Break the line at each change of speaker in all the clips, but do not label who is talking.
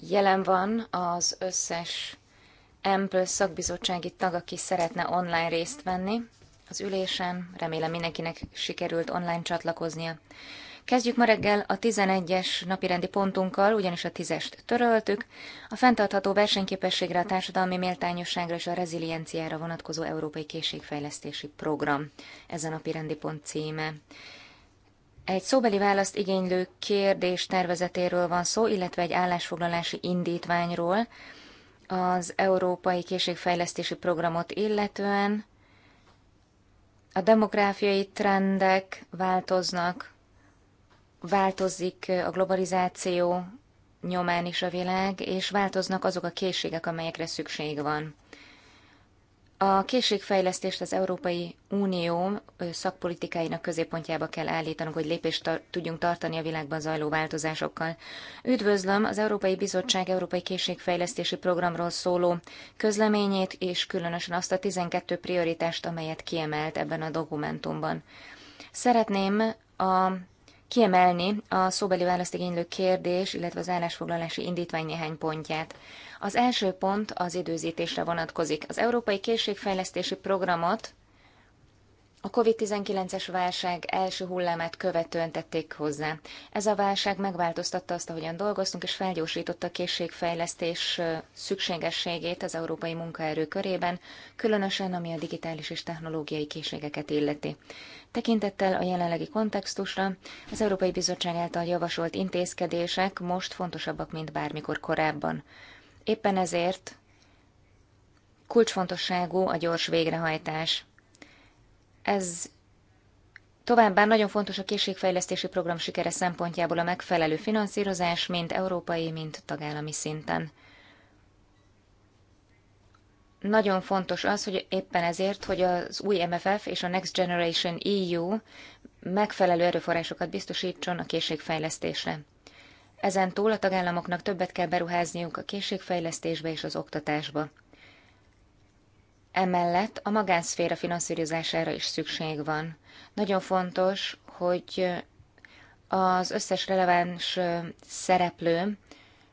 jelen van az összes Ample szakbizottsági tag, aki szeretne online részt venni az ülésen. Remélem mindenkinek sikerült online csatlakoznia. Kezdjük ma reggel a 11-es napirendi pontunkkal, ugyanis a 10-est töröltük. A fenntartható versenyképességre, a társadalmi méltányosságra és a rezilienciára vonatkozó Európai Készségfejlesztési Program. Ez a napirendi pont címe. Egy szóbeli választ igénylő kérdés tervezetéről van szó, illetve egy állásfoglalási indítványról az Európai Készségfejlesztési Programot illetően. A demográfiai trendek változnak, változik a globalizáció nyomán is a világ, és változnak azok a készségek, amelyekre szükség van. A készségfejlesztést az Európai Unió szakpolitikáinak középpontjába kell állítanunk, hogy lépést tar- tudjunk tartani a világban zajló változásokkal. Üdvözlöm az Európai Bizottság Európai Készségfejlesztési Programról szóló közleményét, és különösen azt a 12 prioritást, amelyet kiemelt ebben a dokumentumban. Szeretném a kiemelni a szóbeli választigénylő kérdés, illetve az állásfoglalási indítvány néhány pontját. Az első pont az időzítésre vonatkozik. Az Európai Készségfejlesztési Programot a COVID-19-es válság első hullámát követően tették hozzá. Ez a válság megváltoztatta azt, ahogyan dolgoztunk, és felgyorsította a készségfejlesztés szükségességét az európai munkaerő körében, különösen ami a digitális és technológiai készségeket illeti. Tekintettel a jelenlegi kontextusra, az Európai Bizottság által javasolt intézkedések most fontosabbak, mint bármikor korábban. Éppen ezért kulcsfontosságú a gyors végrehajtás. Ez Továbbá nagyon fontos a készségfejlesztési program sikere szempontjából a megfelelő finanszírozás, mind európai, mind tagállami szinten. Nagyon fontos az, hogy éppen ezért, hogy az új MFF és a Next Generation EU megfelelő erőforrásokat biztosítson a készségfejlesztésre. Ezen túl a tagállamoknak többet kell beruházniuk a készségfejlesztésbe és az oktatásba. Emellett a magánszféra finanszírozására is szükség van. Nagyon fontos, hogy az összes releváns szereplő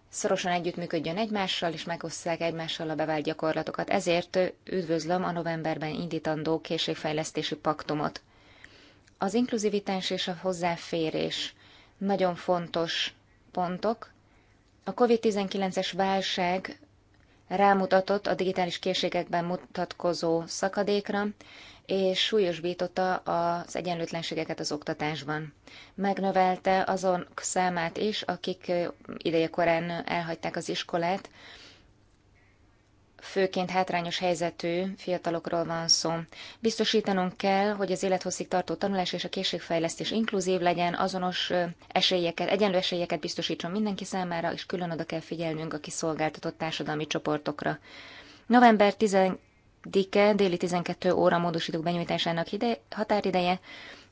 szorosan együttműködjön egymással, és megosztják egymással a bevált gyakorlatokat. Ezért üdvözlöm a novemberben indítandó készségfejlesztési paktumot. Az inkluzivitás és a hozzáférés nagyon fontos pontok. A COVID-19-es válság rámutatott a digitális készségekben mutatkozó szakadékra, és súlyosbította az egyenlőtlenségeket az oktatásban. Megnövelte azon számát is, akik ideje korán elhagyták az iskolát, főként hátrányos helyzetű fiatalokról van szó. Biztosítanunk kell, hogy az élethosszig tartó tanulás és a készségfejlesztés inkluzív legyen, azonos esélyeket, egyenlő esélyeket biztosítson mindenki számára, és külön oda kell figyelnünk a kiszolgáltatott társadalmi csoportokra. November 10 Dike, déli 12 óra módosítók benyújtásának ide, határideje,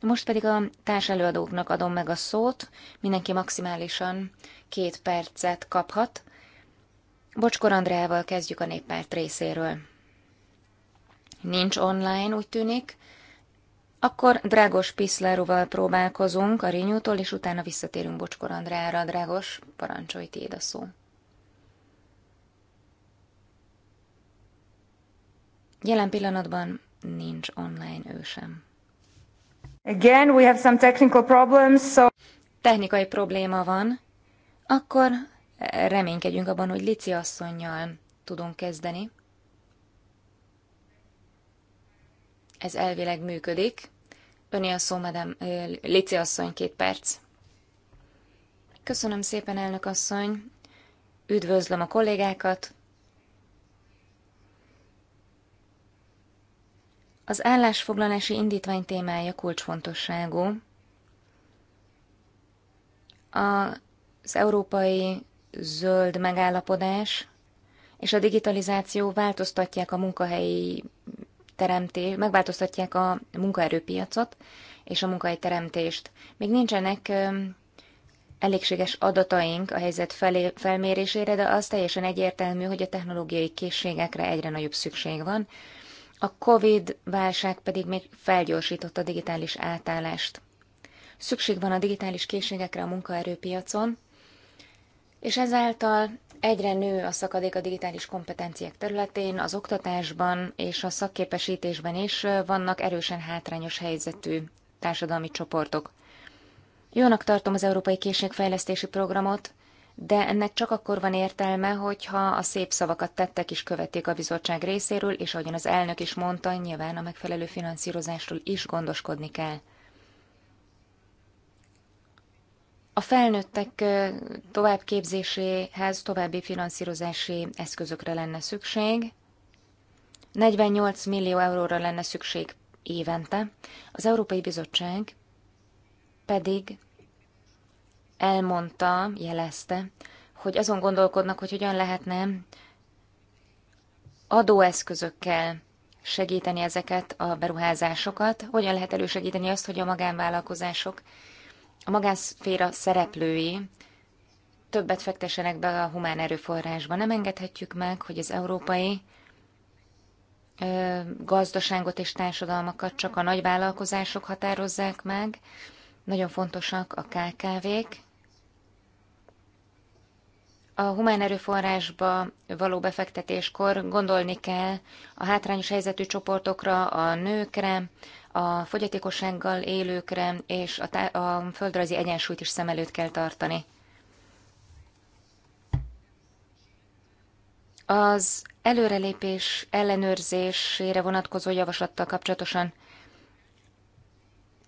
most pedig a társ előadóknak adom meg a szót, mindenki maximálisan két percet kaphat, Bocskor Andreával kezdjük a néppárt részéről. Nincs online, úgy tűnik. Akkor Drágos Piszleroval próbálkozunk a Rényútól, és utána visszatérünk Bocskor Andréára. Drágos, parancsolj, tiéd a szó. Jelen pillanatban nincs online ő sem. Again, we have some technical problems, so... Technikai probléma van. Akkor reménykedjünk abban, hogy Lici asszonynal tudunk kezdeni. Ez elvileg működik. Öné a szó, madám, Lici asszony, két perc. Köszönöm szépen, elnök asszony. Üdvözlöm a kollégákat. Az állásfoglalási indítvány témája kulcsfontosságú. Az európai zöld megállapodás és a digitalizáció változtatják a munkahelyi teremté, megváltoztatják a munkaerőpiacot és a munkahelyi teremtést. Még nincsenek elégséges adataink a helyzet felé, felmérésére, de az teljesen egyértelmű, hogy a technológiai készségekre egyre nagyobb szükség van. A COVID válság pedig még felgyorsította a digitális átállást. Szükség van a digitális készségekre a munkaerőpiacon, és ezáltal egyre nő a szakadék a digitális kompetenciák területén, az oktatásban és a szakképesítésben is vannak erősen hátrányos helyzetű társadalmi csoportok. Jónak tartom az Európai Készségfejlesztési Programot, de ennek csak akkor van értelme, hogyha a szép szavakat tettek is követik a bizottság részéről, és ahogyan az elnök is mondta, nyilván a megfelelő finanszírozásról is gondoskodni kell. A felnőttek továbbképzéséhez további finanszírozási eszközökre lenne szükség. 48 millió euróra lenne szükség évente. Az Európai Bizottság pedig elmondta, jelezte, hogy azon gondolkodnak, hogy hogyan lehetne adóeszközökkel segíteni ezeket a beruházásokat, hogyan lehet elősegíteni azt, hogy a magánvállalkozások a magánszféra szereplői többet fektessenek be a humán erőforrásba. Nem engedhetjük meg, hogy az európai ö, gazdaságot és társadalmakat csak a nagy vállalkozások határozzák meg. Nagyon fontosak a KKV-k. A humán erőforrásba való befektetéskor gondolni kell a hátrányos helyzetű csoportokra, a nőkre, a fogyatékossággal élőkre és a, tá- a földrajzi egyensúlyt is szem előtt kell tartani. Az előrelépés ellenőrzésére vonatkozó javaslattal kapcsolatosan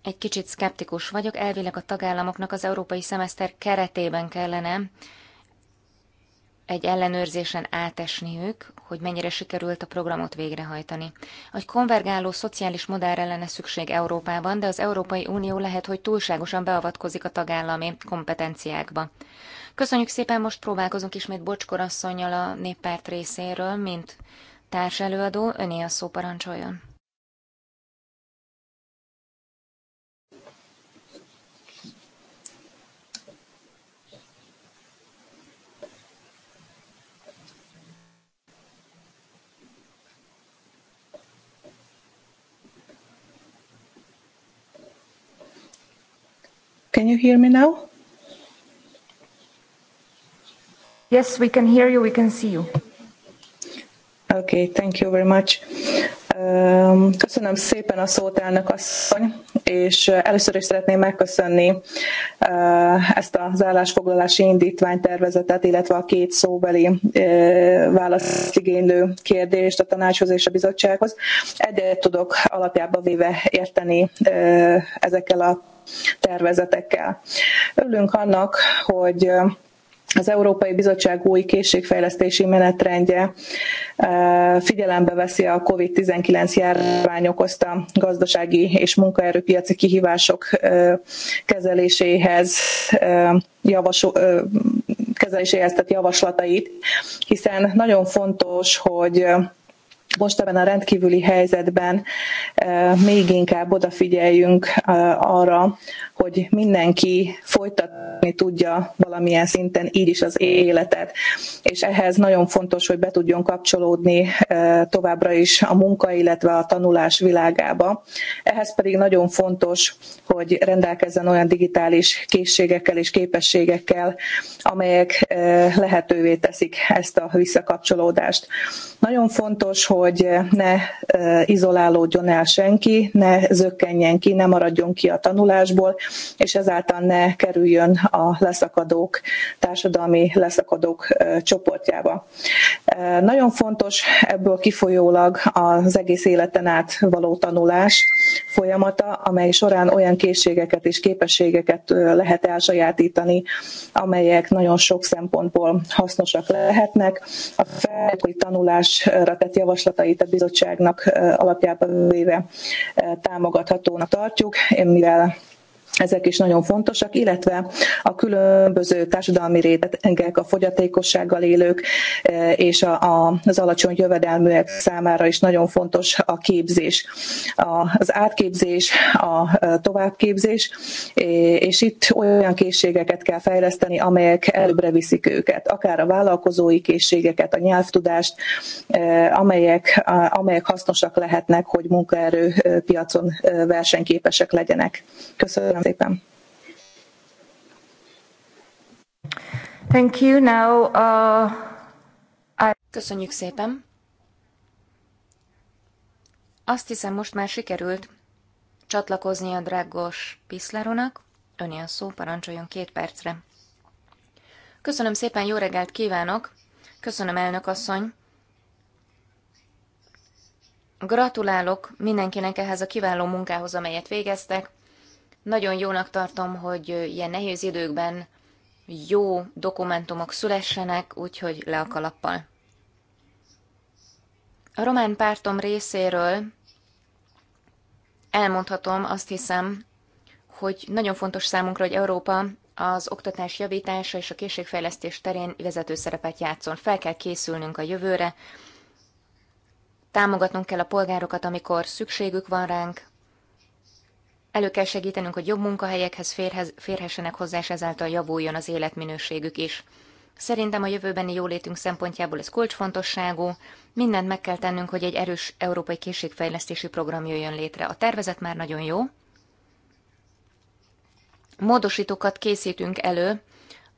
egy kicsit szkeptikus vagyok. Elvileg a tagállamoknak az európai szemeszter keretében kellene egy ellenőrzésen átesniük, hogy mennyire sikerült a programot végrehajtani. Egy konvergáló szociális modellre lenne szükség Európában, de az Európai Unió lehet, hogy túlságosan beavatkozik a tagállami kompetenciákba. Köszönjük szépen, most próbálkozunk ismét Bocskor asszonynal a néppárt részéről, mint társelőadó, öné a szó parancsoljon.
Can you hear me now? Yes, we can hear you, we can see you. Okay, thank you very much. Um, köszönöm szépen a szót, elnök asszony, és uh, először is szeretném megköszönni uh, ezt az állásfoglalási indítványtervezetet, illetve a két szóbeli uh, választ igénylő kérdést a tanácshoz és a bizottsághoz. Egyet tudok alapjába véve érteni ezekkel a tervezetekkel. Örülünk annak, hogy az Európai Bizottság új készségfejlesztési menetrendje figyelembe veszi a COVID-19 járvány okozta gazdasági és munkaerőpiaci kihívások kezeléséhez javasol, kezeléséhez tett javaslatait, hiszen nagyon fontos, hogy most ebben a rendkívüli helyzetben még inkább odafigyeljünk arra, hogy mindenki folytatni tudja valamilyen szinten így is az életet. És ehhez nagyon fontos, hogy be tudjon kapcsolódni továbbra is a munka, illetve a tanulás világába. Ehhez pedig nagyon fontos, hogy rendelkezzen olyan digitális készségekkel és képességekkel, amelyek lehetővé teszik ezt a visszakapcsolódást. Nagyon fontos, hogy hogy ne izolálódjon el senki, ne zökkenjen ki, ne maradjon ki a tanulásból, és ezáltal ne kerüljön a leszakadók, társadalmi leszakadók csoportjába. Nagyon fontos ebből kifolyólag az egész életen át való tanulás folyamata, amely során olyan készségeket és képességeket lehet elsajátítani, amelyek nagyon sok szempontból hasznosak lehetnek. A felnőttkori tanulásra tett javaslat javaslatait a bizottságnak alapjában véve támogathatónak tartjuk. mivel ezek is nagyon fontosak, illetve a különböző társadalmi rétegek, a fogyatékossággal élők e, és a, az alacsony jövedelműek számára is nagyon fontos a képzés. az átképzés, a e, továbbképzés, és itt olyan készségeket kell fejleszteni, amelyek előbbre viszik őket, akár a vállalkozói készségeket, a nyelvtudást, e, amelyek, amelyek hasznosak lehetnek, hogy munkaerőpiacon versenyképesek legyenek. Köszönöm szépen.
Thank you. Now, uh, I... Köszönjük szépen. Azt hiszem, most már sikerült csatlakozni a drágos Piszláronak. Öné a szó, parancsoljon két percre. Köszönöm szépen, jó reggelt kívánok! Köszönöm, elnök asszony! Gratulálok mindenkinek ehhez a kiváló munkához, amelyet végeztek. Nagyon jónak tartom, hogy ilyen nehéz időkben jó dokumentumok szülessenek, úgyhogy le a kalappal. A román pártom részéről elmondhatom, azt hiszem, hogy nagyon fontos számunkra, hogy Európa az oktatás javítása és a készségfejlesztés terén vezető szerepet játszon. Fel kell készülnünk a jövőre, támogatnunk kell a polgárokat, amikor szükségük van ránk, Elő kell segítenünk, hogy jobb munkahelyekhez férhez, férhessenek hozzá, és ezáltal javuljon az életminőségük is. Szerintem a jövőbeni jólétünk szempontjából ez kulcsfontosságú. Mindent meg kell tennünk, hogy egy erős európai készségfejlesztési program jöjjön létre. A tervezet már nagyon jó. Módosítókat készítünk elő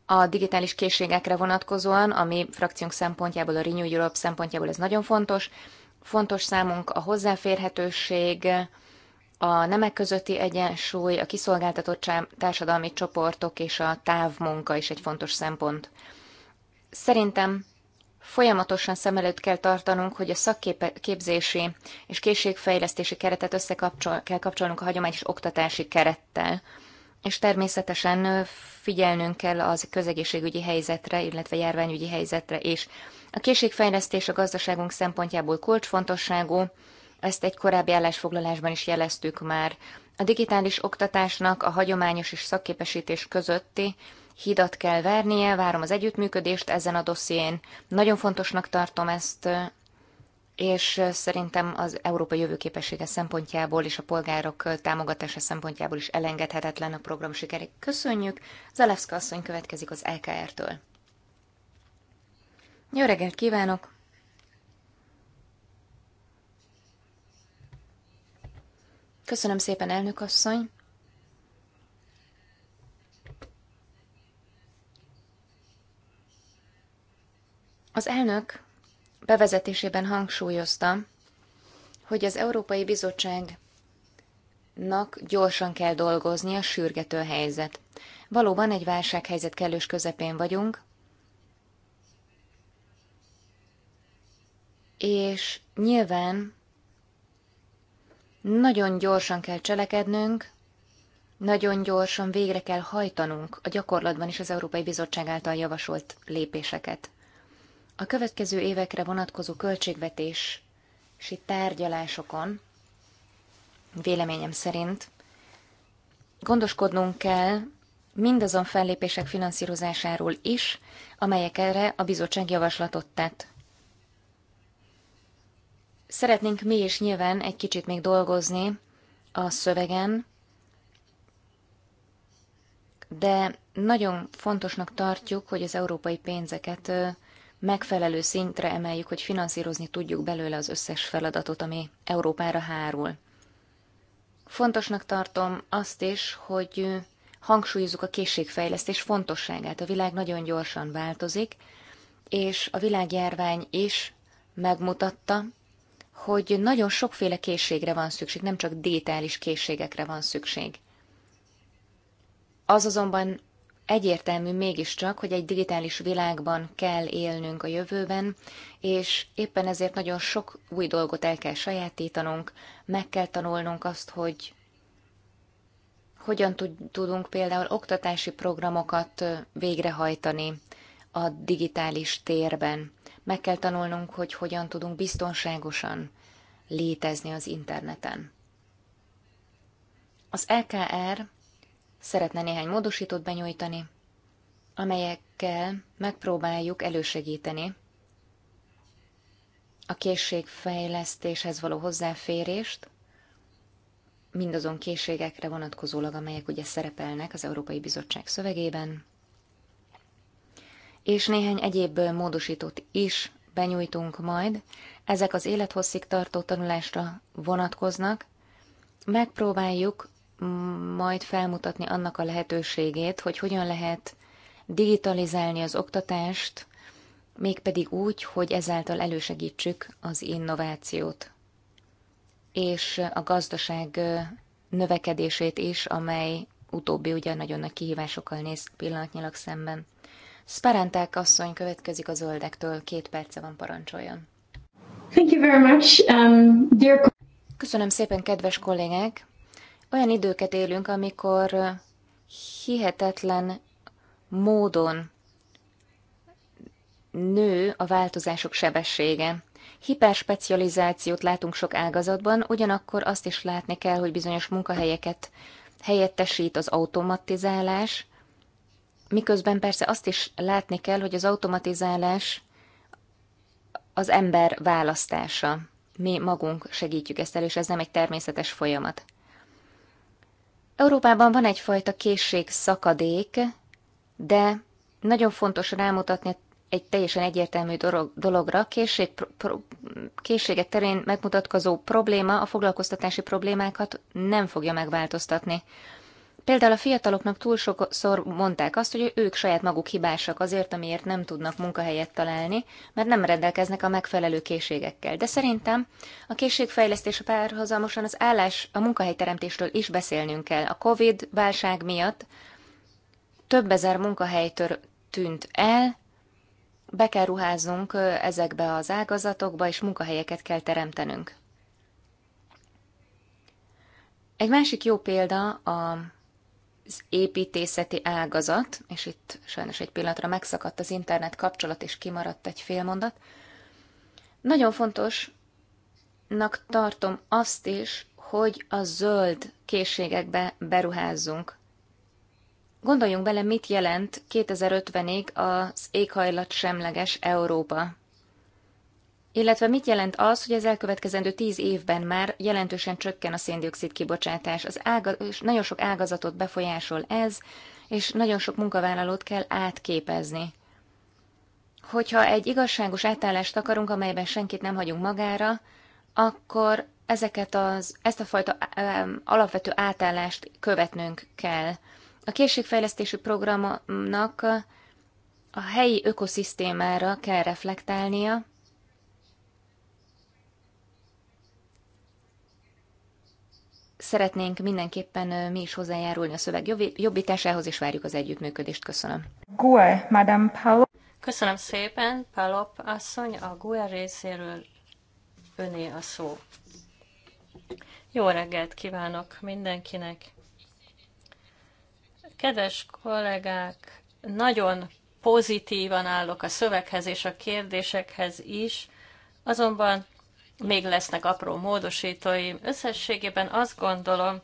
a digitális készségekre vonatkozóan, ami frakciónk szempontjából, a Renew Europe szempontjából ez nagyon fontos. Fontos számunk a hozzáférhetőség, a nemek közötti egyensúly, a kiszolgáltatott társadalmi csoportok és a távmunka is egy fontos szempont. Szerintem folyamatosan szem előtt kell tartanunk, hogy a szakképzési és készségfejlesztési keretet összekapcsol, kell kapcsolnunk a hagyományos oktatási kerettel, és természetesen figyelnünk kell az közegészségügyi helyzetre, illetve járványügyi helyzetre is. A készségfejlesztés a gazdaságunk szempontjából kulcsfontosságú, ezt egy korábbi állásfoglalásban is jeleztük már. A digitális oktatásnak a hagyományos és szakképesítés közötti hidat kell vernie, várom az együttműködést ezen a dosszién. Nagyon fontosnak tartom ezt, és szerintem az Európa jövőképessége szempontjából és a polgárok támogatása szempontjából is elengedhetetlen a program sikerik. Köszönjük! Zalewska asszony következik az LKR-től. Jó reggelt kívánok! Köszönöm szépen, elnök asszony. Az elnök bevezetésében hangsúlyozta, hogy az Európai Bizottságnak gyorsan kell dolgozni a sürgető helyzet. Valóban egy válsághelyzet kellős közepén vagyunk, és nyilván nagyon gyorsan kell cselekednünk, nagyon gyorsan végre kell hajtanunk a gyakorlatban is az Európai Bizottság által javasolt lépéseket. A következő évekre vonatkozó költségvetési tárgyalásokon véleményem szerint gondoskodnunk kell mindazon fellépések finanszírozásáról is, amelyek erre a bizottság javaslatot tett. Szeretnénk mi is nyilván egy kicsit még dolgozni a szövegen, de nagyon fontosnak tartjuk, hogy az európai pénzeket megfelelő szintre emeljük, hogy finanszírozni tudjuk belőle az összes feladatot, ami Európára hárul. Fontosnak tartom azt is, hogy hangsúlyozzuk a készségfejlesztés fontosságát. A világ nagyon gyorsan változik, és a világjárvány is megmutatta, hogy nagyon sokféle készségre van szükség, nem csak détális készségekre van szükség. Az azonban egyértelmű mégiscsak, hogy egy digitális világban kell élnünk a jövőben, és éppen ezért nagyon sok új dolgot el kell sajátítanunk, meg kell tanulnunk azt, hogy hogyan tudunk például oktatási programokat végrehajtani a digitális térben. Meg kell tanulnunk, hogy hogyan tudunk biztonságosan létezni az interneten. Az LKR szeretne néhány módosítót benyújtani, amelyekkel megpróbáljuk elősegíteni a készségfejlesztéshez való hozzáférést, mindazon készségekre vonatkozólag, amelyek ugye szerepelnek az Európai Bizottság szövegében, és néhány egyéb módosítót is benyújtunk majd. Ezek az élethosszig tartó tanulásra vonatkoznak. Megpróbáljuk majd felmutatni annak a lehetőségét, hogy hogyan lehet digitalizálni az oktatást, mégpedig úgy, hogy ezáltal elősegítsük az innovációt és a gazdaság növekedését is, amely utóbbi ugye nagyon nagy kihívásokkal néz pillanatnyilag szemben. Sparánták asszony következik a zöldektől, két perce van parancsoljon. Thank you very much, um, dear... Köszönöm szépen, kedves kollégák! Olyan időket élünk, amikor uh, hihetetlen módon nő a változások sebessége. Hiperspecializációt látunk sok ágazatban, ugyanakkor azt is látni kell, hogy bizonyos munkahelyeket helyettesít az automatizálás, Miközben persze azt is látni kell, hogy az automatizálás az ember választása. Mi magunk segítjük ezt elő, és ez nem egy természetes folyamat. Európában van egyfajta készség szakadék, de nagyon fontos rámutatni egy teljesen egyértelmű dologra. Készség, pro, készségek terén megmutatkozó probléma a foglalkoztatási problémákat nem fogja megváltoztatni. Például a fiataloknak túl sokszor mondták azt, hogy ők saját maguk hibásak azért, amiért nem tudnak munkahelyet találni, mert nem rendelkeznek a megfelelő készségekkel. De szerintem a készségfejlesztés párhuzamosan az állás a munkahelyteremtésről is beszélnünk kell. A Covid válság miatt több ezer munkahelytől tűnt el, be kell ruháznunk ezekbe az ágazatokba, és munkahelyeket kell teremtenünk. Egy másik jó példa a az építészeti ágazat, és itt sajnos egy pillanatra megszakadt az internet kapcsolat, és kimaradt egy félmondat. Nagyon fontosnak tartom azt is, hogy a zöld készségekbe beruházzunk. Gondoljunk bele, mit jelent 2050-ig az éghajlat semleges Európa illetve mit jelent az, hogy az elkövetkezendő tíz évben már jelentősen csökken a széndiokszid kibocsátás. Az ága, és nagyon sok ágazatot befolyásol ez, és nagyon sok munkavállalót kell átképezni. Hogyha egy igazságos átállást akarunk, amelyben senkit nem hagyunk magára, akkor ezeket az, ezt a fajta alapvető átállást követnünk kell. A készségfejlesztési programnak a helyi ökoszisztémára kell reflektálnia, Szeretnénk mindenképpen mi is hozzájárulni a szöveg jobbításához, és várjuk az együttműködést. Köszönöm.
Gue, Madame Palop.
Köszönöm szépen, Palop asszony. A Gue részéről öné a szó. Jó reggelt kívánok mindenkinek! Kedves kollégák, nagyon pozitívan állok a szöveghez és a kérdésekhez is, azonban még lesznek apró módosítóim. Összességében azt gondolom,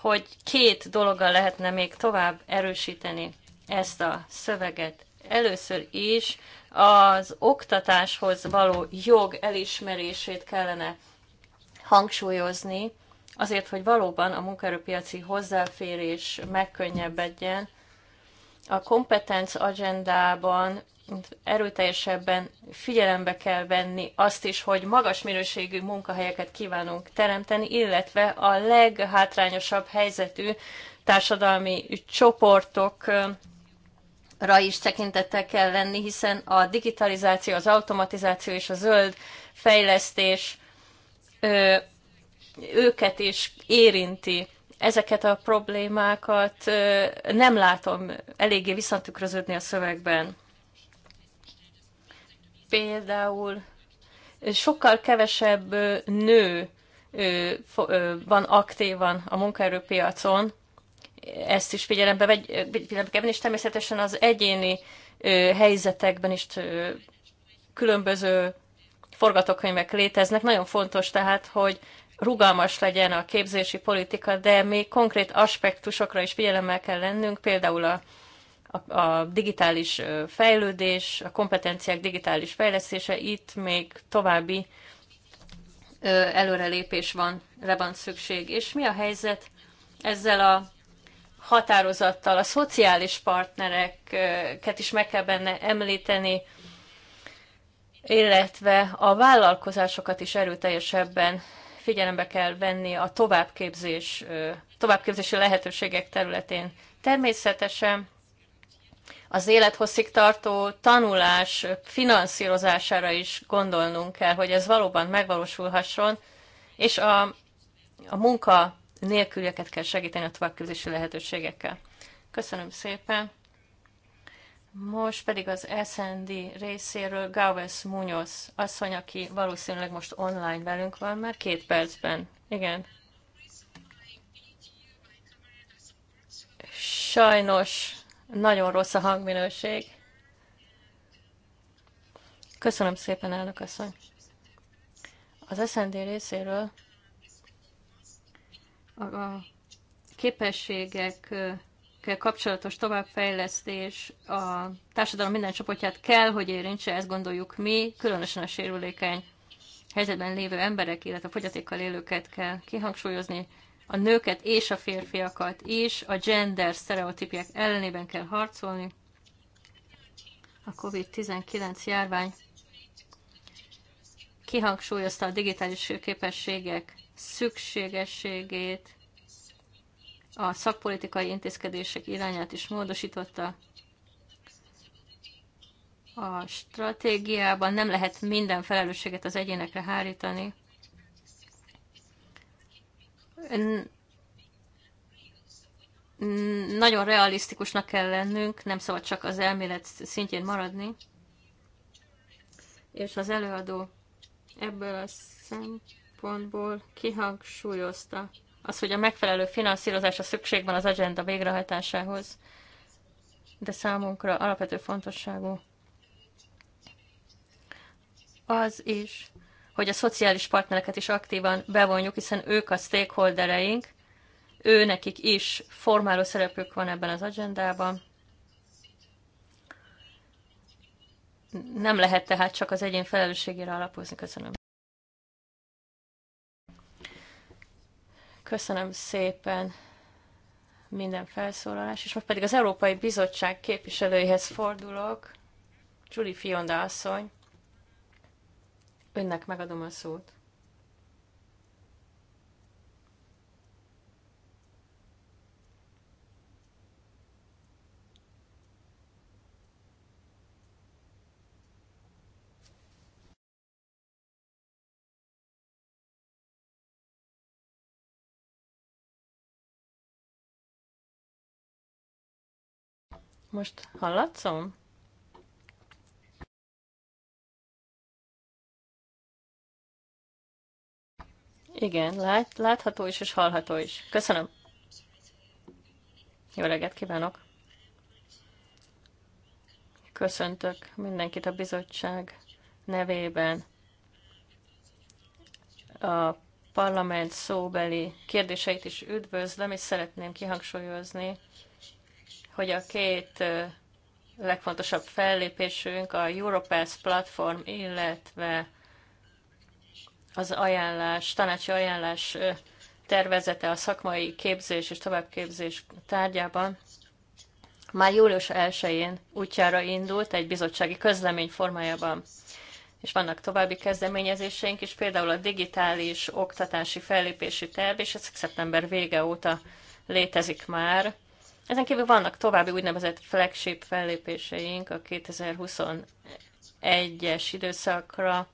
hogy két dologgal lehetne még tovább erősíteni ezt a szöveget. Először is az oktatáshoz való jog elismerését kellene hangsúlyozni, azért, hogy valóban a munkaerőpiaci hozzáférés megkönnyebbedjen. A kompetenc agendában erőteljesebben figyelembe kell venni azt is, hogy magas minőségű munkahelyeket kívánunk teremteni, illetve a leghátrányosabb helyzetű társadalmi csoportok ra is tekintettel kell lenni, hiszen a digitalizáció, az automatizáció és a zöld fejlesztés ö, őket is érinti. Ezeket a problémákat ö, nem látom eléggé visszatükröződni a szövegben például sokkal kevesebb nő van aktívan a munkaerőpiacon, ezt is figyelembe, vegy, figyelembe kell venni, és természetesen az egyéni helyzetekben is különböző forgatókönyvek léteznek. Nagyon fontos tehát, hogy rugalmas legyen a képzési politika, de még konkrét aspektusokra is figyelemmel kell lennünk, például a a, a digitális fejlődés, a kompetenciák digitális fejlesztése, itt még további előrelépés van, le van szükség. És mi a helyzet ezzel a határozattal? A szociális partnereket is meg kell benne említeni, illetve a vállalkozásokat is erőteljesebben figyelembe kell venni a továbbképzés, továbbképzési lehetőségek területén. Természetesen az élethosszig tartó tanulás finanszírozására is gondolnunk kell, hogy ez valóban megvalósulhasson, és a, a munka nélkülieket kell segíteni a továbbképzési lehetőségekkel. Köszönöm szépen! Most pedig az SND részéről Gáves Munoz asszony, aki valószínűleg most online velünk van már két percben. Igen. Sajnos nagyon rossz a hangminőség. Köszönöm szépen, elnök asszony. Az SND részéről a képességekkel kapcsolatos továbbfejlesztés a társadalom minden csoportját kell, hogy érintse, ezt gondoljuk mi, különösen a sérülékeny helyzetben lévő emberek, illetve a fogyatékkal élőket kell kihangsúlyozni a nőket és a férfiakat is, a gender sztereotípiek ellenében kell harcolni. A COVID-19 járvány kihangsúlyozta a digitális képességek szükségességét, a szakpolitikai intézkedések irányát is módosította. A stratégiában nem lehet minden felelősséget az egyénekre hárítani nagyon realisztikusnak kell lennünk, nem szabad csak az elmélet szintjén maradni. És az előadó ebből a szempontból kihangsúlyozta az, hogy a megfelelő a szükség van az agenda végrehajtásához, de számunkra alapvető fontosságú az is, hogy a szociális partnereket is aktívan bevonjuk, hiszen ők a stakeholdereink, ő nekik is formáló szerepük van ebben az agendában. Nem lehet tehát csak az egyén felelősségére alapozni. Köszönöm. Köszönöm szépen minden felszólalás, és most pedig az Európai Bizottság képviselőihez fordulok. Julie Fionda asszony. Önnek megadom a szót.
Most hallatszom? Igen,
lát, látható is és hallható is. Köszönöm. Jó reggelt kívánok. Köszöntök mindenkit a bizottság nevében. A parlament szóbeli kérdéseit is üdvözlöm, és szeretném kihangsúlyozni, hogy a két legfontosabb fellépésünk a Europass platform, illetve az ajánlás, tanácsi ajánlás tervezete a szakmai képzés és továbbképzés tárgyában már július 1-én útjára indult egy bizottsági közlemény formájában. És vannak további kezdeményezéseink is, például a digitális oktatási fellépési terv, és ez szeptember vége óta létezik már. Ezen kívül vannak további úgynevezett flagship fellépéseink a
2021-es
időszakra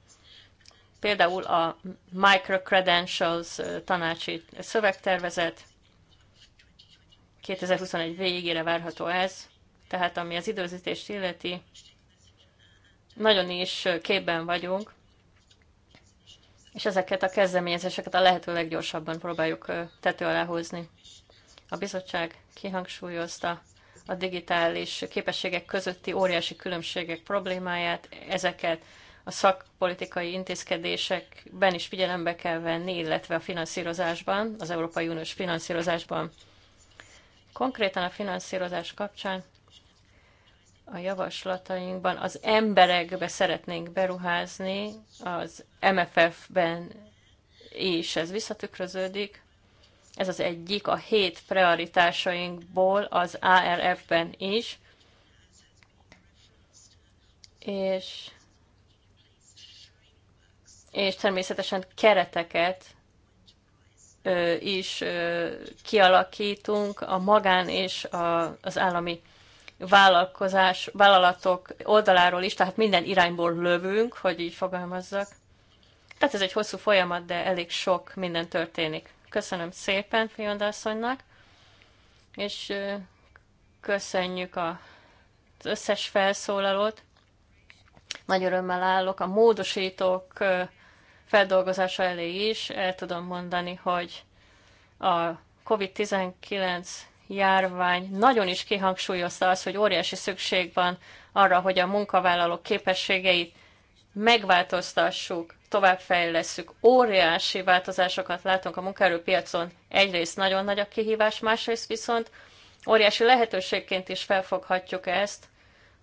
például a microcredentials tanácsi szövegtervezet, 2021 végére várható ez, tehát ami az időzítést illeti, nagyon is képben vagyunk, és ezeket a kezdeményezéseket a lehető leggyorsabban próbáljuk tető alá hozni. A bizottság kihangsúlyozta a digitális képességek közötti óriási különbségek problémáját, ezeket a szakpolitikai intézkedésekben is figyelembe kell venni, illetve a finanszírozásban, az Európai Uniós finanszírozásban. Konkrétan a finanszírozás kapcsán a javaslatainkban az emberekbe szeretnénk beruházni, az MFF-ben is ez visszatükröződik. Ez az egyik a hét prioritásainkból az ARF-ben is. És és természetesen kereteket is kialakítunk a magán és a, az állami vállalkozás, vállalatok oldaláról is, tehát minden irányból lövünk, hogy így fogalmazzak. Tehát ez egy hosszú folyamat, de elég sok minden történik. Köszönöm szépen Fiondasszonynak, és köszönjük a, az összes felszólalót. Nagy örömmel állok a módosítók feldolgozása elé is el tudom mondani, hogy a COVID-19 járvány nagyon is kihangsúlyozta az, hogy óriási szükség van arra, hogy a munkavállalók képességeit megváltoztassuk, továbbfejlesszük. Óriási változásokat látunk a munkaerőpiacon. Egyrészt nagyon nagy a kihívás, másrészt viszont óriási lehetőségként is felfoghatjuk ezt,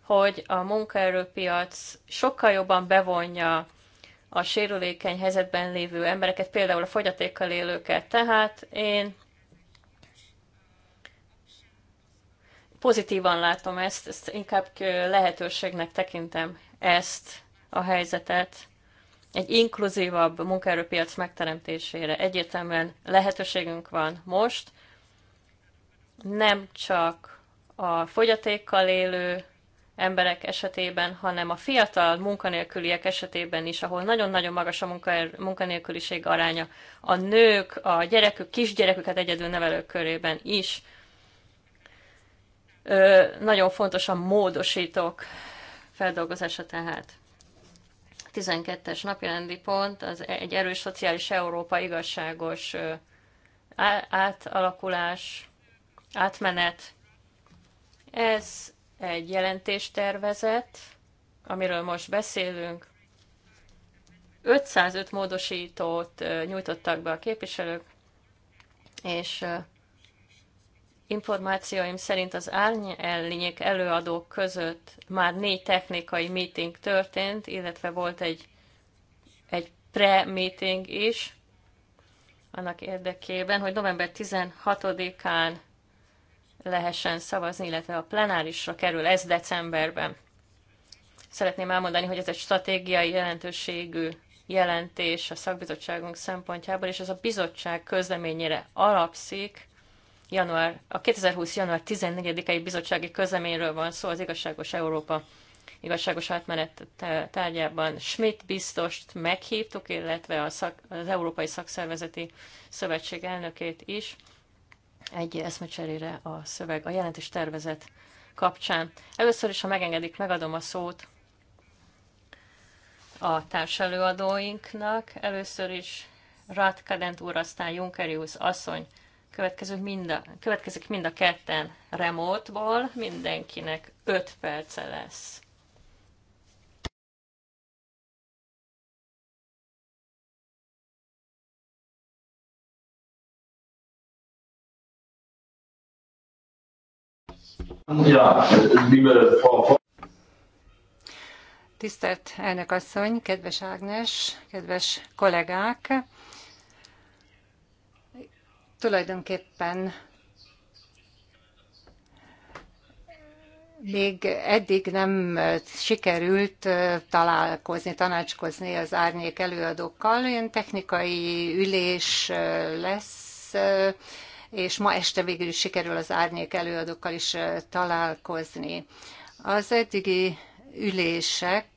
hogy a munkaerőpiac sokkal jobban bevonja a sérülékeny helyzetben lévő embereket, például a fogyatékkal élőket. Tehát én pozitívan látom ezt, ezt inkább lehetőségnek tekintem ezt a helyzetet egy inkluzívabb munkaerőpiac megteremtésére egyértelműen lehetőségünk van most, nem csak a fogyatékkal élő emberek esetében, hanem a fiatal munkanélküliek esetében is, ahol nagyon-nagyon magas a munkanélküliség aránya, a nők, a gyerekük, kisgyereküket egyedül nevelők körében is. Ö, nagyon fontos a módosítók feldolgozása tehát. 12-es napirendi pont az egy erős szociális Európa igazságos átalakulás, átmenet. Ez egy jelentéstervezet, amiről most beszélünk. 505 módosítót nyújtottak be a képviselők, és információim szerint az árnyelények előadók között már négy technikai meeting történt, illetve volt egy, egy pre-meeting is, annak érdekében, hogy november 16-án lehessen szavazni, illetve a plenárisra kerül ez decemberben. Szeretném elmondani, hogy ez egy stratégiai jelentőségű jelentés a szakbizottságunk szempontjából, és ez a bizottság közleményére alapszik. Január, a 2020. január 14-i bizottsági közleményről van szó az Igazságos Európa igazságos átmenet tárgyában Schmidt biztost meghívtuk, illetve a szak, az Európai Szakszervezeti Szövetség elnökét is, egy eszmecserére a szöveg, a jelentés tervezet kapcsán. Először is, ha megengedik, megadom a szót a társelőadóinknak. Először is Rat Kadent úr, aztán Junkerius asszony következik mind a, következik mind a ketten remótból,
mindenkinek 5 perce lesz.
Ja,
Tisztelt elnök asszony, kedves Ágnes, kedves kollégák! Tulajdonképpen még eddig nem sikerült találkozni, tanácskozni az árnyék előadókkal. Ilyen technikai ülés lesz, és ma este végül is sikerül az árnyék előadókkal is találkozni. Az eddigi ülések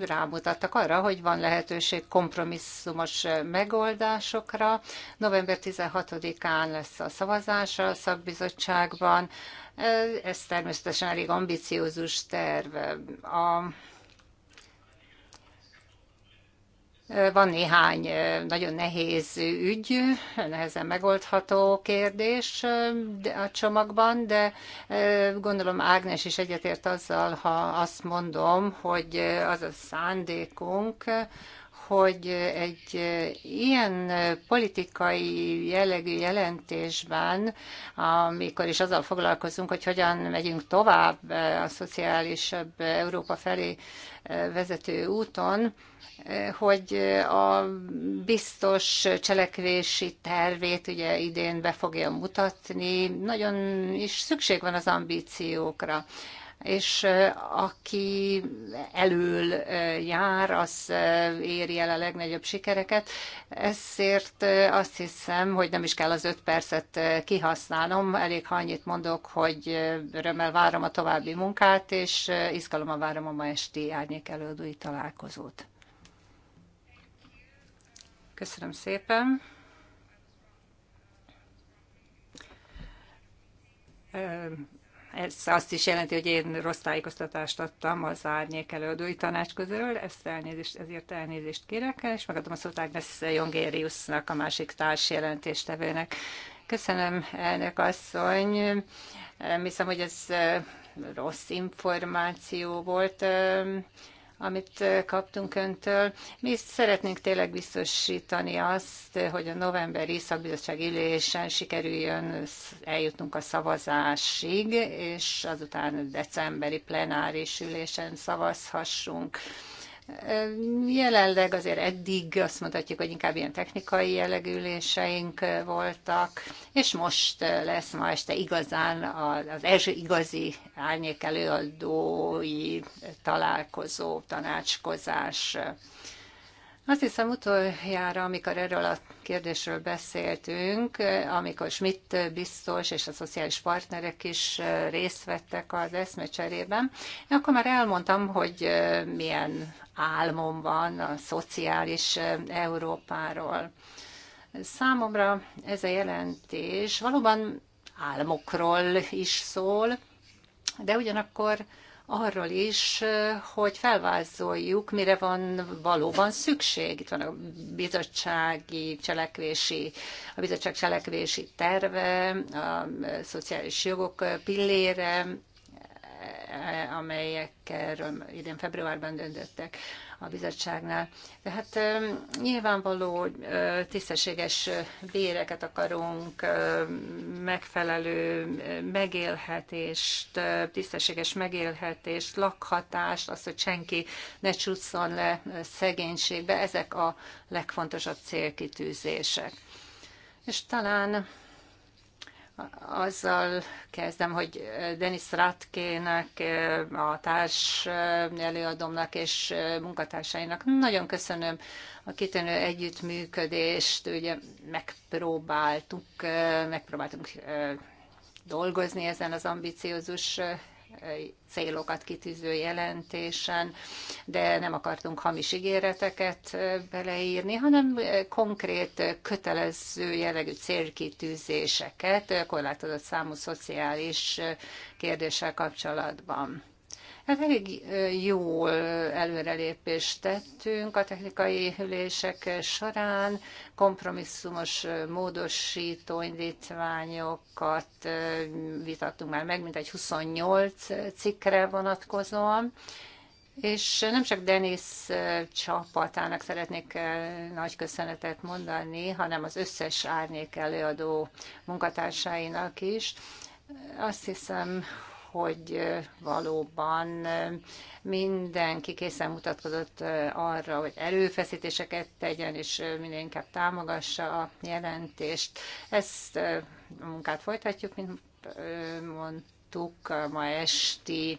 rámutattak arra, hogy van lehetőség kompromisszumos megoldásokra. November 16-án lesz a szavazás a szakbizottságban. Ez természetesen elég ambiciózus terv. A Van néhány nagyon nehéz ügy, nehezen megoldható kérdés a csomagban, de gondolom Ágnes is egyetért azzal, ha azt mondom, hogy az a szándékunk, hogy egy ilyen politikai jellegű jelentésben, amikor is azzal foglalkozunk, hogy hogyan megyünk tovább a szociálisabb Európa felé vezető úton, hogy a biztos cselekvési tervét ugye idén be fogja mutatni. Nagyon is szükség van az ambíciókra és aki elől jár, az éri el a legnagyobb sikereket. Ezért azt hiszem, hogy nem is kell az öt percet kihasználnom, elég ha annyit mondok, hogy örömmel várom a további munkát, és izgalommal várom a ma esti árnyék előadói találkozót. Köszönöm szépen! Ez azt is jelenti, hogy én rossz tájékoztatást adtam az árnyék előadói tanács közül, ezt elnézést, ezért elnézést kérek, és megadom a szót Agnes Jongériusnak, a másik társ jelentéstevőnek. Köszönöm, elnök asszony. Hiszem, hogy ez rossz információ volt amit kaptunk öntől. Mi szeretnénk tényleg biztosítani azt, hogy a novemberi szakbizottság ülésen sikerüljön eljutnunk a szavazásig, és azután decemberi plenáris ülésen szavazhassunk. Jelenleg azért eddig azt mondhatjuk, hogy inkább ilyen technikai jellegű voltak, és most lesz ma este igazán az első igazi árnyék előadói találkozó, tanácskozás. Azt hiszem utoljára, amikor erről a kérdésről beszéltünk, amikor Schmidt biztos és a szociális partnerek is részt vettek az eszmecserében, akkor már elmondtam, hogy milyen álmom van a szociális Európáról. Számomra ez a jelentés valóban álmokról is szól, de ugyanakkor arról is, hogy felvázoljuk, mire van valóban szükség. Itt van a bizottsági cselekvési, a bizottság cselekvési terve, a szociális jogok pillére, amelyekről idén februárban döntöttek a bizottságnál. Tehát nyilvánvaló tisztességes béreket akarunk, megfelelő megélhetést, tisztességes megélhetést, lakhatást, azt, hogy senki ne csusszon le szegénységbe, ezek a legfontosabb célkitűzések. És talán azzal kezdem, hogy Denis Ratkének, a társ előadomnak és munkatársainak nagyon köszönöm a kitűnő együttműködést. Ugye megpróbáltuk, megpróbáltunk dolgozni ezen az ambiciózus célokat kitűző jelentésen, de nem akartunk hamis ígéreteket beleírni, hanem konkrét kötelező jellegű célkitűzéseket korlátozott számú szociális kérdéssel kapcsolatban. Hát elég jól előrelépést tettünk a technikai ülések során, kompromisszumos módosító indítványokat vitattunk már meg, mint egy 28 cikkre vonatkozóan. És nem csak Denis csapatának szeretnék nagy köszönetet mondani, hanem az összes árnyék előadó munkatársainak is. Azt hiszem, hogy valóban mindenki készen mutatkozott arra, hogy erőfeszítéseket tegyen, és minél inkább támogassa a jelentést. Ezt a munkát folytatjuk, mint mondtuk ma esti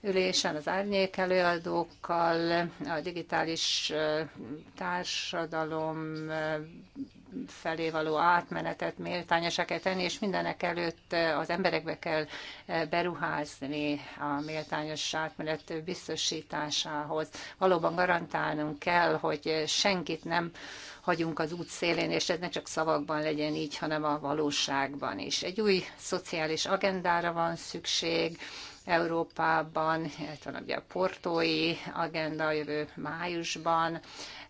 ülésen az árnyék előadókkal, a digitális társadalom felé való átmenetet méltányosak kell tenni, és mindenek előtt eh, az emberekbe kell eh, beruházni a méltányos átmenet biztosításához. Valóban garantálnunk kell, hogy senkit nem hagyunk az út szélén, és ez ne csak szavakban legyen így, hanem a valóságban is. Egy új szociális agendára van szükség, Európában, illetve ugye a portói agenda jövő májusban,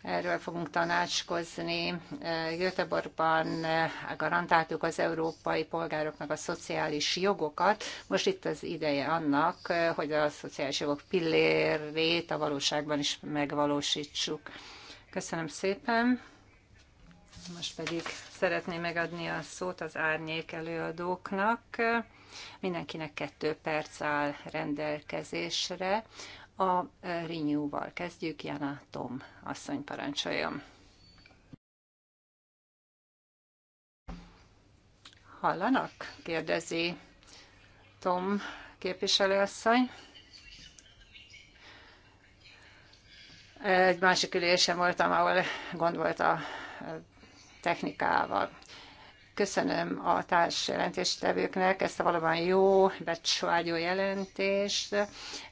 Erről fogunk tanácskozni. Göteborgban garantáltuk az európai polgároknak a szociális jogokat. Most itt az ideje annak, hogy a szociális jogok pillérét a valóságban is megvalósítsuk. Köszönöm szépen. Most pedig szeretném megadni a szót az árnyék előadóknak. Mindenkinek kettő perc áll rendelkezésre. A e, Renew-val kezdjük, Jana Tom asszony parancsoljon. Hallanak? kérdezi Tom képviselőasszony. Egy másik ülésen voltam, ahol gond volt a e, technikával. Köszönöm a társ jelentéstevőknek ezt a valóban jó, becsvágyó jelentést.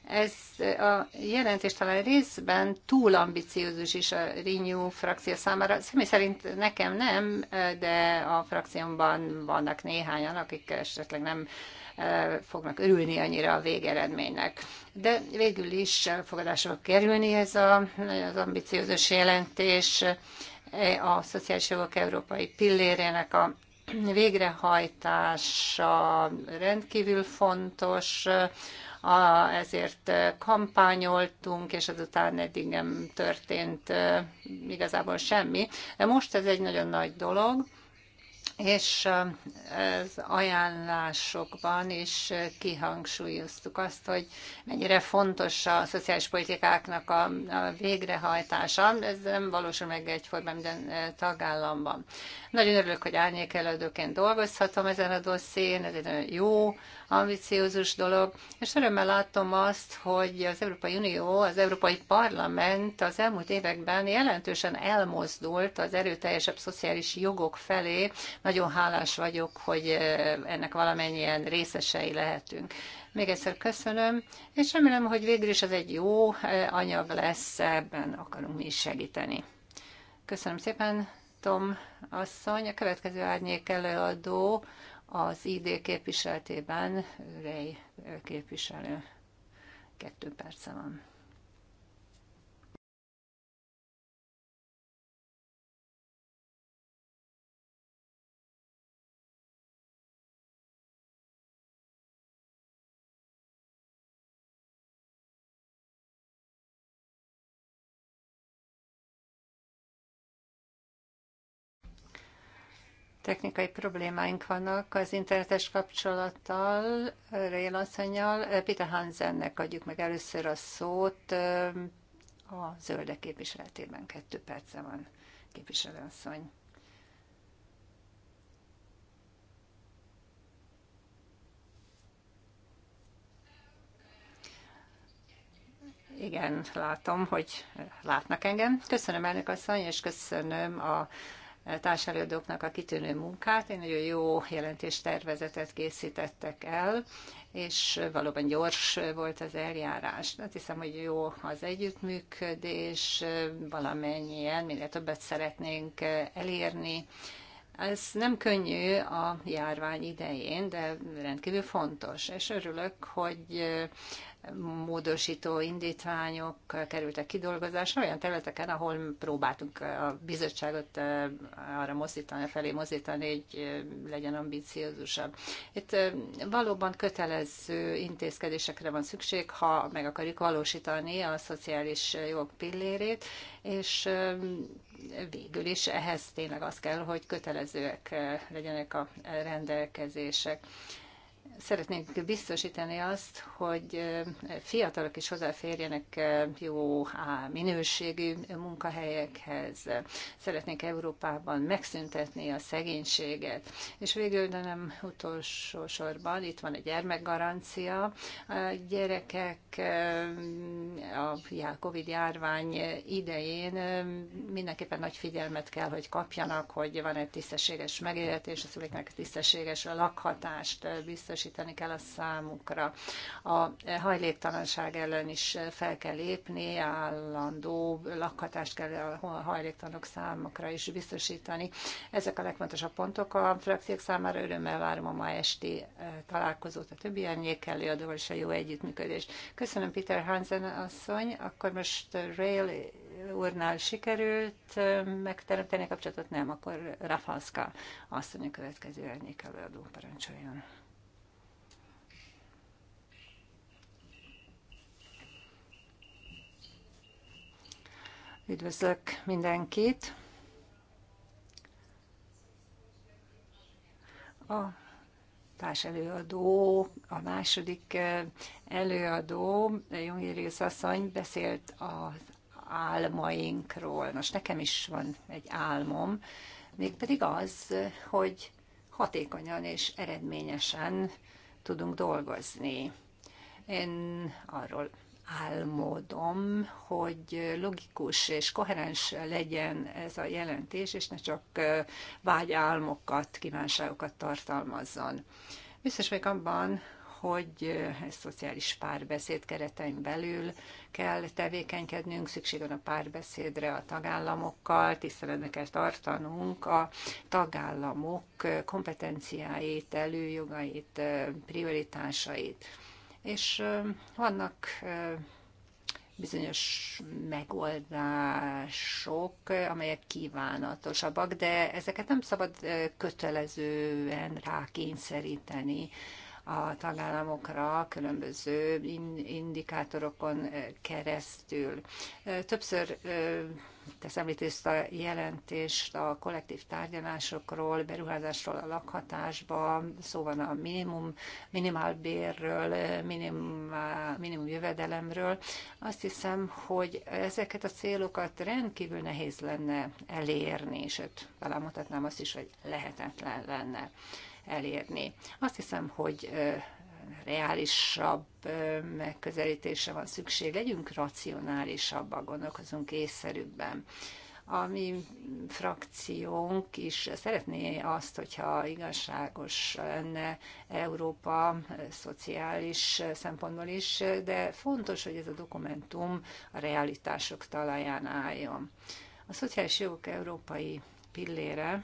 Ez a jelentés talán részben túl ambiciózus is a Renew frakció számára. Személy szerint nekem nem, de a frakciómban vannak néhányan, akik esetleg nem e, fognak örülni annyira a végeredménynek. De végül is elfogadásra kerülni ez a, az ambiciózus jelentés e, a szociális jogok európai pillérének a végrehajtása rendkívül fontos, a, ezért kampányoltunk, és azután eddig nem történt igazából semmi. De most ez egy nagyon nagy dolog, és az ajánlásokban is kihangsúlyoztuk azt, hogy mennyire fontos a szociális politikáknak a, végrehajtása. Ez nem valósul meg egyformán minden tagállamban. Nagyon örülök, hogy árnyékelődőként dolgozhatom ezen a dosszén, ez egy nagyon jó ambiciózus dolog, és örömmel látom azt, hogy az Európai Unió, az Európai Parlament az elmúlt években jelentősen elmozdult az erőteljesebb szociális jogok felé. Nagyon hálás vagyok, hogy eh, ennek valamennyien részesei lehetünk. Még egyszer köszönöm, és remélem, hogy végül is ez egy jó eh, anyag lesz, ebben akarunk mi is segíteni. Köszönöm szépen, Tom asszony. A következő árnyék előadó az ID képviseltében Ray
képviselő. Kettő perce van.
technikai problémáink vannak az internetes kapcsolattal, Rél asszonyjal. Peter Hansennek adjuk meg először a szót. A zöldek képviseletében kettő perce van, asszony. Igen, látom, hogy látnak engem. Köszönöm elnök asszony, és köszönöm a társelődőknek a kitűnő munkát. Én nagyon jó jelentéstervezetet készítettek el, és valóban gyors volt az eljárás. Hát hiszem, hogy jó az együttműködés, valamennyien, minél többet szeretnénk elérni. Ez nem könnyű a járvány idején, de rendkívül fontos, és örülök, hogy módosító indítványok kerültek kidolgozásra olyan területeken, ahol próbáltunk a bizottságot arra mozdítani, felé mozdítani, hogy legyen ambiciózusabb. Itt valóban kötelező intézkedésekre van szükség, ha meg akarjuk valósítani a szociális jog pillérét, és végül is ehhez tényleg az kell, hogy kötelezőek legyenek a rendelkezések. Szeretnénk biztosítani azt, hogy fiatalok is hozzáférjenek jó minőségű munkahelyekhez. Szeretnénk Európában megszüntetni a szegénységet. És végül, de nem utolsó sorban, itt van a gyermekgarancia. A gyerekek a COVID-járvány idején mindenképpen nagy figyelmet kell, hogy kapjanak, hogy van-e tisztességes megélhetés, a szüleknek tisztességes lakhatást biztosítani biztosítani kell a számukra. A hajléktalanság ellen is fel kell lépni, állandó lakhatást kell a hajléktalanok számokra is biztosítani. Ezek a legfontosabb pontok a frakciók számára. Örömmel várom a ma esti eh, találkozót a többi árnyékkel, előadóval és a jó együttműködést. Köszönöm Peter Hansen asszony, akkor most Rail úrnál sikerült eh, megteremteni a kapcsolatot, nem, akkor Rafalska asszony a következő árnyékelőadó parancsoljon. Üdvözlök mindenkit! A előadó, a második eh, előadó, Jungérius asszony beszélt az álmainkról. Most nekem is van egy álmom, mégpedig az, hogy hatékonyan és eredményesen tudunk dolgozni. Én arról álmodom, hogy logikus és koherens legyen ez a jelentés, és ne csak vágyálmokat, kívánságokat tartalmazzon. Biztos vagyok abban, hogy ezt szociális párbeszéd keretein belül kell tevékenykednünk, szükség van a párbeszédre a tagállamokkal, tiszteletben kell tartanunk a tagállamok kompetenciáit, előjogait, prioritásait és vannak bizonyos megoldások, amelyek kívánatosabbak, de ezeket nem szabad kötelezően rákényszeríteni a tagállamokra különböző indikátorokon keresztül. Többször tesz említést a jelentést a kollektív tárgyalásokról, beruházásról a lakhatásba, szó van a minimum, minimálbérről, minimum, minimum jövedelemről. Azt hiszem, hogy ezeket a célokat rendkívül nehéz lenne elérni, sőt, talán mutatnám azt is, hogy lehetetlen lenne elérni. Azt hiszem, hogy reálisabb megközelítésre van szükség, legyünk racionálisabbak, gondolkozunk észszerűbben. A mi frakciónk is szeretné azt, hogyha igazságos lenne Európa szociális szempontból is, de fontos, hogy ez a dokumentum a realitások talaján álljon. A szociális jogok európai pillére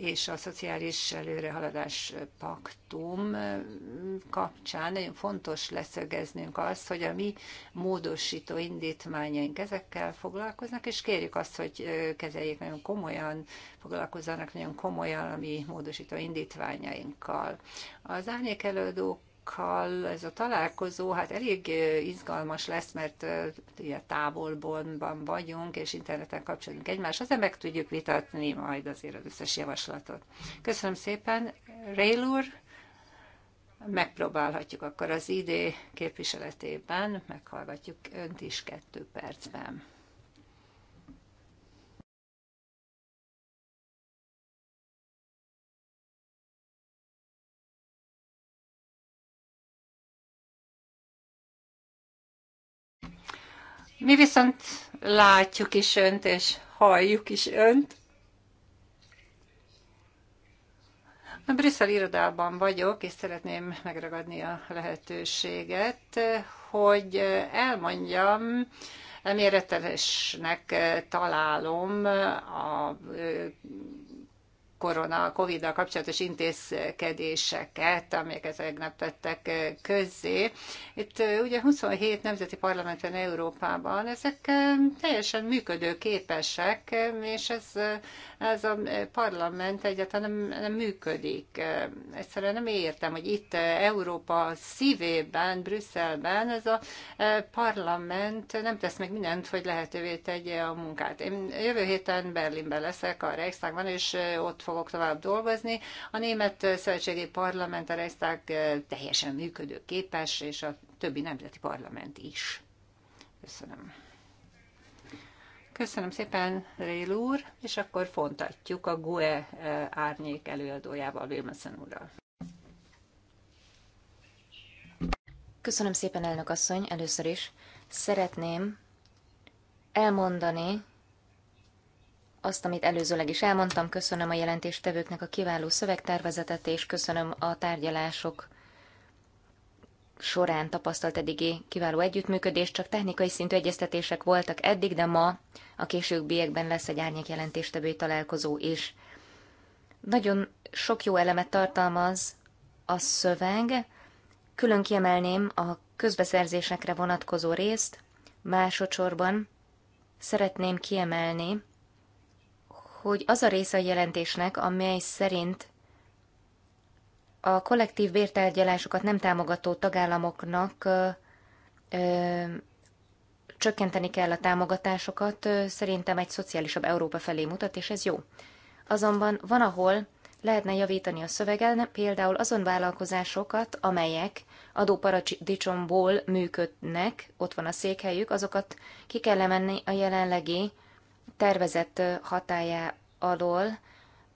és a szociális előrehaladás paktum kapcsán nagyon fontos leszögeznünk azt, hogy a mi módosító indítványaink ezekkel foglalkoznak, és kérjük azt, hogy kezeljék nagyon komolyan, foglalkozzanak nagyon komolyan a mi módosító indítványainkkal. Az árnyék előadók kollégákkal ez a találkozó hát elég izgalmas lesz, mert ugye távolban vagyunk, és interneten kapcsolódunk egymáshoz, de meg tudjuk vitatni majd azért az összes javaslatot. Köszönöm szépen, Rail úr! Megpróbálhatjuk akkor az idé képviseletében, meghallgatjuk önt is kettő percben.
Mi viszont
látjuk is önt, és halljuk is önt. A Brüsszel irodában vagyok, és szeretném megragadni a lehetőséget, hogy elmondjam, méretesnek találom a korona, covid kapcsolatos intézkedéseket, amelyeket tegnap tettek közzé. Itt ugye 27 nemzeti parlamenten Európában ezek teljesen működőképesek, és ez ez a parlament egyáltalán nem, nem működik. Egyszerűen nem értem, hogy itt Európa szívében, Brüsszelben ez a e, parlament nem tesz meg mindent, hogy lehetővé tegye a munkát. Én jövő héten Berlinben leszek a Reichstagban, és e, ott fogok tovább dolgozni. A német szövetségi parlament, a Reichstag e, teljesen működőképes, és a többi nemzeti parlament is. Köszönöm. Köszönöm szépen, Rél úr, és akkor fontatjuk a GUE eh, árnyék előadójával, Wilmeson úrral.
Köszönöm szépen, elnök asszony, először is. Szeretném elmondani azt, amit előzőleg is elmondtam. Köszönöm a jelentéstevőknek a kiváló szövegtervezetet, és köszönöm a tárgyalások során tapasztalt eddigi kiváló együttműködés, csak technikai szintű egyeztetések voltak eddig, de ma a későbbiekben lesz egy árnyék jelentéstevői találkozó is. Nagyon sok jó elemet tartalmaz a szöveg, külön kiemelném a közbeszerzésekre vonatkozó részt, másodszorban szeretném kiemelni, hogy az a része a jelentésnek, amely szerint a kollektív bértárgyalásokat nem támogató tagállamoknak csökkenteni kell a támogatásokat, szerintem egy szociálisabb Európa felé mutat, és ez jó. Azonban van, ahol lehetne javítani a szövegen, például azon vállalkozásokat, amelyek adóparadicsomból működnek, ott van a székhelyük, azokat ki kell emenni a jelenlegi tervezett hatájá alól,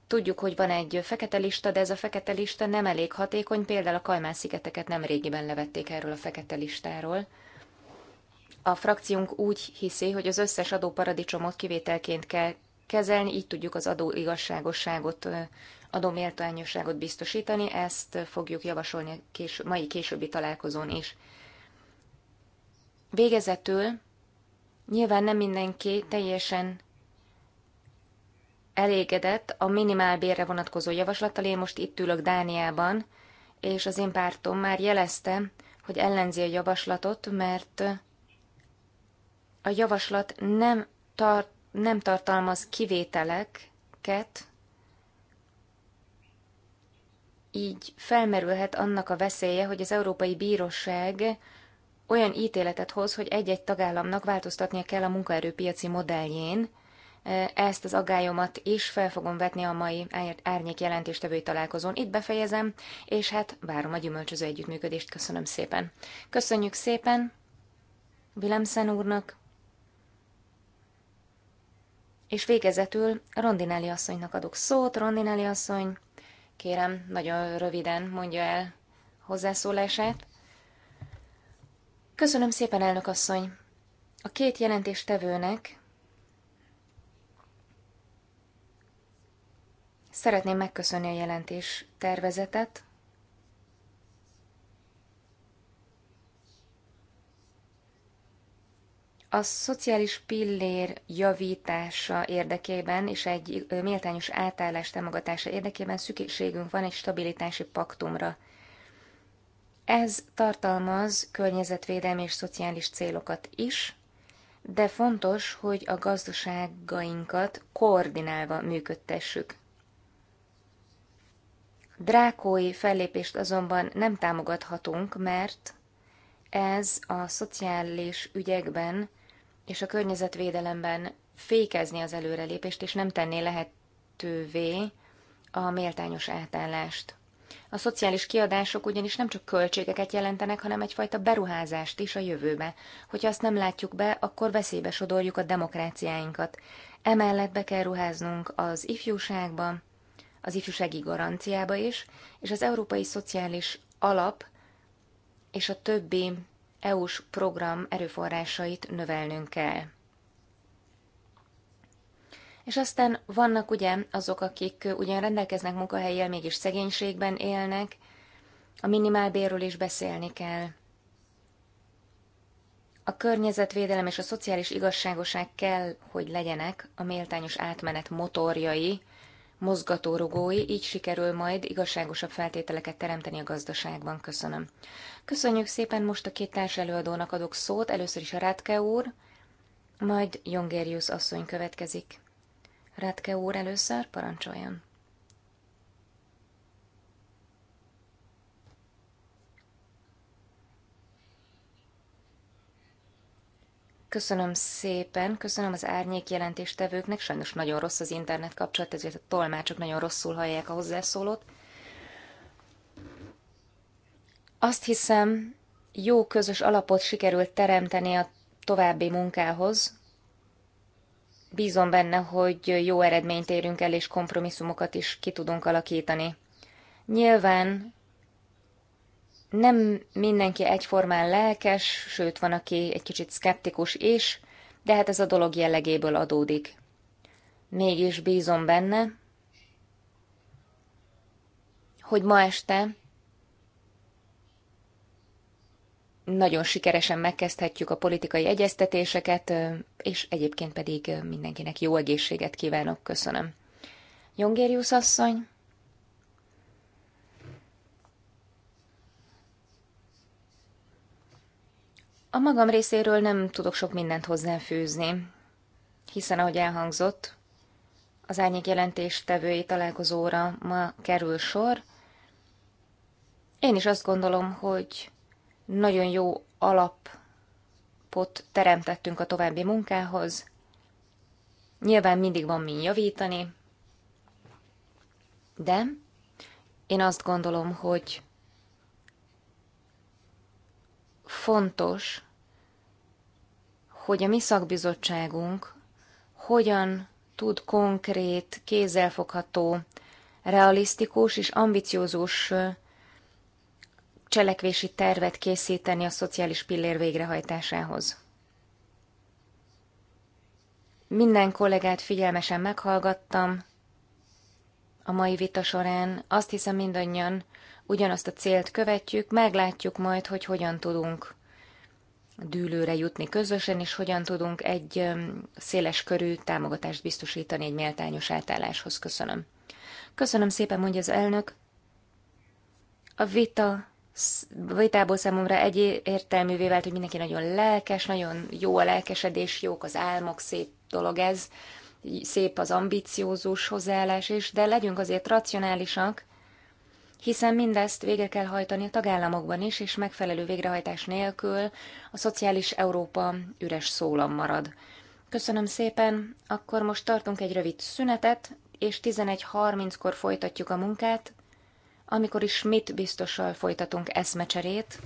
Tudjuk, hogy van egy fekete lista, de ez a fekete lista nem elég hatékony, például a Kajmán-szigeteket nem régiben levették erről a fekete listáról. A frakciónk úgy hiszi, hogy az összes adóparadicsomot kivételként kell kezelni, így tudjuk az adó igazságosságot, adó méltányosságot biztosítani, ezt fogjuk javasolni a késő, mai későbbi találkozón is. Végezetül nyilván nem mindenki teljesen elégedett a minimálbérre vonatkozó javaslattal. Én most itt ülök Dániában, és az én pártom már jelezte, hogy ellenzi a javaslatot, mert a javaslat nem, tar- nem tartalmaz kivételeket, így felmerülhet annak a veszélye, hogy az Európai Bíróság olyan ítéletet hoz, hogy egy-egy tagállamnak változtatnia kell a munkaerőpiaci modelljén, ezt az aggályomat is fel fogom vetni a mai árnyék jelentéstevői találkozón. Itt befejezem, és hát várom a gyümölcsöző együttműködést. Köszönöm szépen. Köszönjük szépen Vilemszen úrnak, és végezetül Rondinelli asszonynak adok szót. Rondinelli asszony, kérem, nagyon röviden mondja el hozzászólását. Köszönöm szépen, elnök asszony. A két jelentéstevőnek Szeretném megköszönni a jelentés tervezetet. A szociális pillér javítása érdekében és egy méltányos átállás támogatása érdekében szükségünk van egy stabilitási paktumra. Ez tartalmaz környezetvédelmi és szociális célokat is, de fontos, hogy a gazdaságainkat koordinálva működtessük. Drákói fellépést azonban nem támogathatunk, mert ez a szociális ügyekben és a környezetvédelemben fékezni az előrelépést, és nem tenné lehetővé a méltányos átállást. A szociális kiadások ugyanis nem csak költségeket jelentenek, hanem egyfajta beruházást is a jövőbe. Hogyha azt nem látjuk be, akkor veszélybe sodorjuk a demokráciáinkat. Emellett be kell ruháznunk az ifjúságba, az ifjúsági garanciába is, és az Európai Szociális Alap és a többi EU-s program erőforrásait növelnünk kell. És aztán vannak ugye azok, akik ugyan rendelkeznek munkahelyjel, mégis szegénységben élnek, a minimálbérről is beszélni kell. A környezetvédelem és a szociális igazságoság kell, hogy legyenek a méltányos átmenet motorjai mozgatórugói, így sikerül majd igazságosabb feltételeket teremteni a gazdaságban. Köszönöm. Köszönjük szépen, most a két társ előadónak adok szót, először is a Rátke úr, majd Jongerius asszony következik. Rátke úr először, parancsoljon. Köszönöm szépen, köszönöm az árnyék jelentéstevőknek, sajnos nagyon rossz az internet kapcsolat, ezért a tolmácsok nagyon rosszul hallják a hozzászólót. Azt hiszem, jó közös alapot sikerült teremteni a további munkához. Bízom benne, hogy jó eredményt érünk el, és kompromisszumokat is ki tudunk alakítani. Nyilván nem mindenki egyformán lelkes, sőt, van, aki egy kicsit szkeptikus is, de hát ez a dolog jellegéből adódik. Mégis bízom benne, hogy ma este nagyon sikeresen megkezdhetjük a politikai egyeztetéseket, és egyébként pedig mindenkinek jó egészséget kívánok, köszönöm. Jongérius asszony! A magam részéről nem tudok sok mindent hozzáfűzni, hiszen ahogy elhangzott, az árnyék jelentés tevői találkozóra ma kerül sor. Én is azt gondolom, hogy nagyon jó alapot teremtettünk a további munkához. Nyilván mindig van min javítani, de én azt gondolom, hogy fontos, hogy a mi szakbizottságunk hogyan tud konkrét, kézzelfogható, realisztikus és ambiciózus cselekvési tervet készíteni a szociális pillér végrehajtásához. Minden kollégát figyelmesen meghallgattam a mai vita során. Azt hiszem mindannyian ugyanazt a célt követjük, meglátjuk majd, hogy hogyan tudunk dűlőre jutni közösen, és hogyan tudunk egy széles körű támogatást biztosítani egy méltányos átálláshoz. Köszönöm. Köszönöm szépen, mondja az elnök. A vita vitából számomra egyértelművé vált, hogy mindenki nagyon lelkes, nagyon jó a lelkesedés, jók az álmok, szép dolog ez, szép az ambiciózus hozzáállás is, de legyünk azért racionálisak, hiszen mindezt végre kell hajtani a tagállamokban is, és megfelelő végrehajtás nélkül a szociális Európa üres szólam marad. Köszönöm szépen, akkor most tartunk egy rövid szünetet, és 11.30-kor folytatjuk a munkát, amikor is mit biztossal folytatunk eszmecserét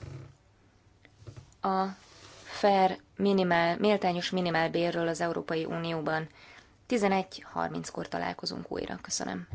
a fair minimál, méltányos minimálbérről az Európai Unióban. 11.30-kor találkozunk újra. Köszönöm.